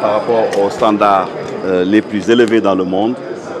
par rapport aux standards euh, les plus élevés dans le monde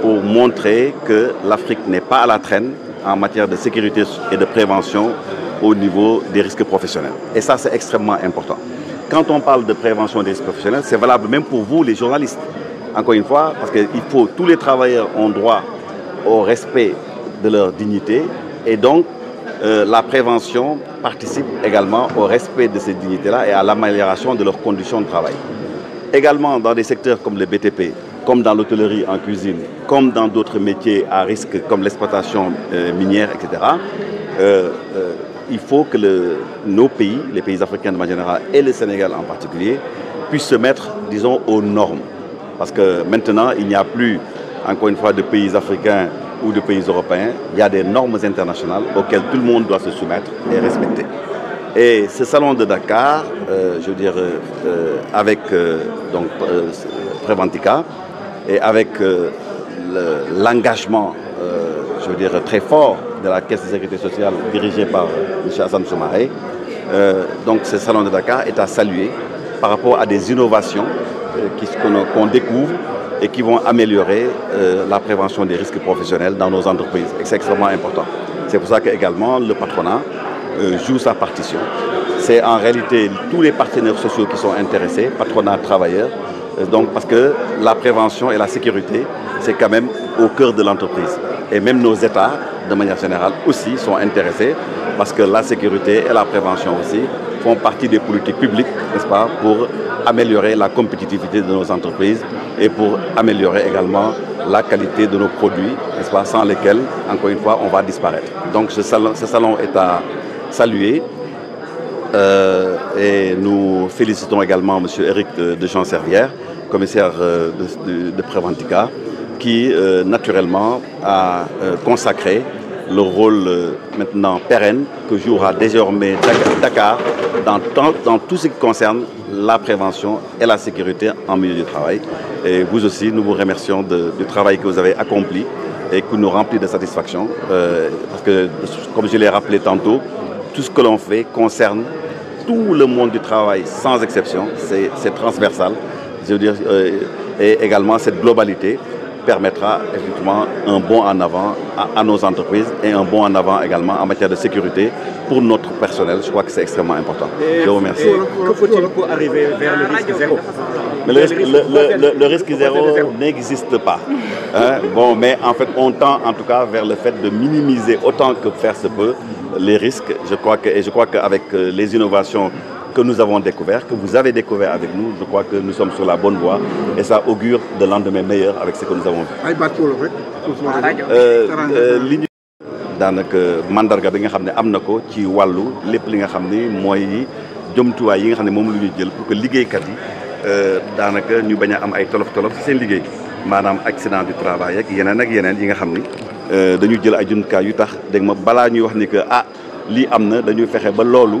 pour montrer que l'Afrique n'est pas à la traîne en matière de sécurité et de prévention au niveau des risques professionnels. Et ça, c'est extrêmement important. Quand on parle de prévention des risques professionnels, c'est valable même pour vous, les journalistes. Encore une fois, parce qu'il il faut, tous les travailleurs ont droit au respect de leur dignité. Et donc, euh, la prévention participe également au respect de ces dignités-là et à l'amélioration de leurs conditions de travail. Également dans des secteurs comme le BTP, comme dans l'hôtellerie en cuisine, comme dans d'autres métiers à risque comme l'exploitation euh, minière, etc., euh, il faut que le, nos pays, les pays africains de manière générale et le Sénégal en particulier, puissent se mettre, disons, aux normes. Parce que maintenant, il n'y a plus, encore une fois, de pays africains ou de pays européens, il y a des normes internationales auxquelles tout le monde doit se soumettre et respecter. Et ce salon de Dakar, euh, je veux dire, euh, avec euh, donc, euh, Préventica et avec l'engagement, je veux dire, très fort de la Caisse de sécurité sociale dirigée par M. Hassan Soumaré, donc ce salon de Dakar est à saluer par rapport à des innovations qu'on découvre et qui vont améliorer euh, la prévention des risques professionnels dans nos entreprises. Et c'est extrêmement important. C'est pour ça qu'également le patronat euh, joue sa partition. C'est en réalité tous les partenaires sociaux qui sont intéressés, patronat, travailleurs, euh, donc parce que la prévention et la sécurité, c'est quand même au cœur de l'entreprise. Et même nos États, de manière générale, aussi sont intéressés parce que la sécurité et la prévention aussi font partie des politiques publiques, n'est-ce pas, pour améliorer la compétitivité de nos entreprises et pour améliorer également la qualité de nos produits, n'est-ce pas, sans lesquels, encore une fois, on va disparaître. Donc ce salon, est à saluer. Euh, et nous félicitons également M. Eric de, Jean-Servière, commissaire de, de, euh, Préventica, qui euh, naturellement a consacré le rôle maintenant pérenne que jouera désormais Dakar dans, tout ce qui concerne la prévention et la sécurité en milieu du travail. Et vous aussi, nous vous remercions du travail que vous avez accompli et qui nous remplit de satisfaction. Euh, parce que, comme je l'ai rappelé tantôt, tout ce que l'on fait concerne tout le monde du travail, sans exception. C'est transversal. Je veux dire, euh, et également cette globalité permettra effectivement un bon en avant à, nos entreprises et un bon en avant également en matière de sécurité pour notre personnel. Je crois que c'est extrêmement important. Je vous remercie. Que faut-il pour arriver vers le risque zéro le, risque zéro n'existe pas. Hein? Bon, mais en fait, on tend en tout cas vers le fait de minimiser autant que faire se peut les risques. Je crois que, et je crois qu'avec euh, les innovations que nous avons découvert, que vous avez découvert avec nous, je crois que nous sommes sur la bonne voie et ça augure de lendemain meilleur avec ce que nous avons vu. Euh, euh, Dans mandarga mandar nga xam ne ko ci wàllu lépp li nga xam ne yi nga mom jël pour que kat yi euh, danaka ñu baña am ay tolof tolof ci seen liguey manam accident du travail ak yeneen ak yeneen yi nga xam euh dañu jël ay jumtukaay yu tax dégg ma bala ñuy wax ni que ah li amna dañu fexé ba lolu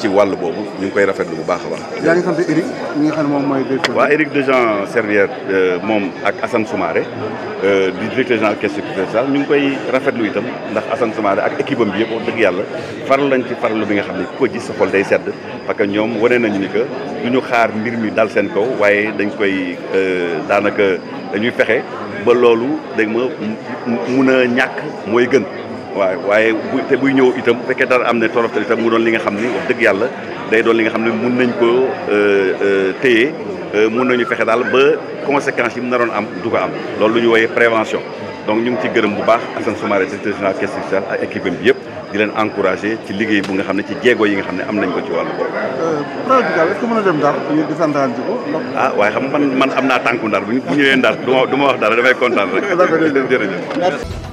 ci wàll boobu ñu ngi koy lu bu baax a baax. yaa ngi xam ne moom mooy waa waaw Eric Dejean Servière euh, moom ak Assane Soumaré euh, di directeur général kes sécurité sociale ñu ngi koy rafetlu itam ndax Assane Soumaré ak équipe am bi yëpp wax dëgg yàlla farlu lañ ci faral farlu bi nga xam ne ku ko gis sa xol day sedd parce que ñoom wane nañu ni que du ñu xaar mbir mi dal seen kaw waaye dañ koy euh, daanaka dañuy fexe ba loolu dégg ma mun a ñàkk mooy gën. waaw waaye bu te buy ñëw itam bu fekkee dara am ne torof itam mu doon li nga xam ni wax dëgg yàlla day doon li nga xam ne mun nañ ko euh, euh, téye euh, mun nañu fexe daal ba conséquences yi mu naroon am du ko am loolu lu ñu wooyee prévention donc ñu ngi ci gërëm bu baax Assane Soumaré directeur général caisse sociale ak équipe bi yëpp di leen encouragé ci liggéey bu nga xam ne ci jéego yi nga xam ne am nañ ko ci wàllu boobu. est ce que mën a dem Ndar di santaan ci ko. ah waaye xam man man am naa tànku Ndar bu ñëwee Ndar du ma wax dara damay kontaan rek. jërëjëf